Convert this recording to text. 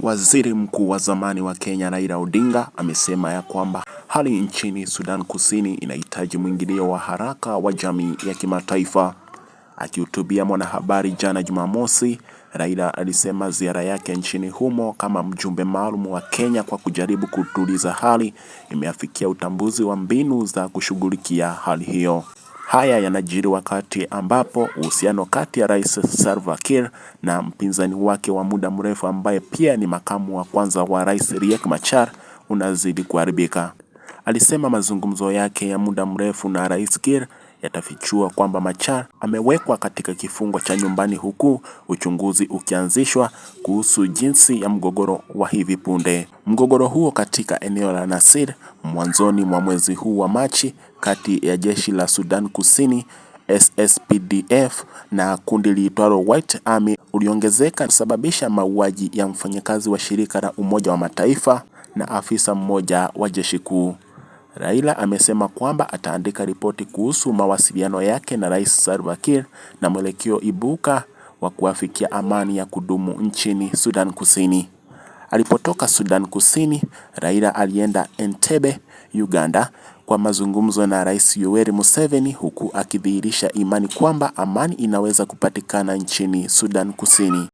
Waziri mkuu wa zamani wa Kenya Raila Odinga amesema ya kwamba hali nchini Sudan Kusini inahitaji mwingilio wa haraka wa jamii ya kimataifa. Akihutubia mwanahabari jana Jumamosi, Raila alisema ziara yake nchini humo kama mjumbe maalum wa Kenya kwa kujaribu kutuliza hali imeafikia utambuzi wa mbinu za kushughulikia hali hiyo. Haya yanajiri wakati ambapo uhusiano kati ya Rais Salva Kiir na mpinzani wake wa muda mrefu ambaye pia ni makamu wa kwanza wa Rais Riek Machar unazidi kuharibika. Alisema mazungumzo yake ya muda mrefu na Rais Kiir yatafichua kwamba Machar amewekwa katika kifungo cha nyumbani huku uchunguzi ukianzishwa kuhusu jinsi ya mgogoro wa hivi punde. Mgogoro huo katika eneo la Nasir mwanzoni mwa mwezi huu wa Machi kati ya jeshi la Sudan Kusini SSPDF na kundi liitwalo White Army uliongezeka kusababisha mauaji ya mfanyakazi wa shirika la Umoja wa Mataifa na afisa mmoja wa jeshi kuu. Raila amesema kwamba ataandika ripoti kuhusu mawasiliano yake na Rais Salva Kiir na mwelekeo ibuka wa kuafikia amani ya kudumu nchini Sudan Kusini. Alipotoka Sudan Kusini, Raila alienda Entebbe, Uganda kwa mazungumzo na Rais Yoweri Museveni huku akidhihirisha imani kwamba amani inaweza kupatikana nchini Sudan Kusini.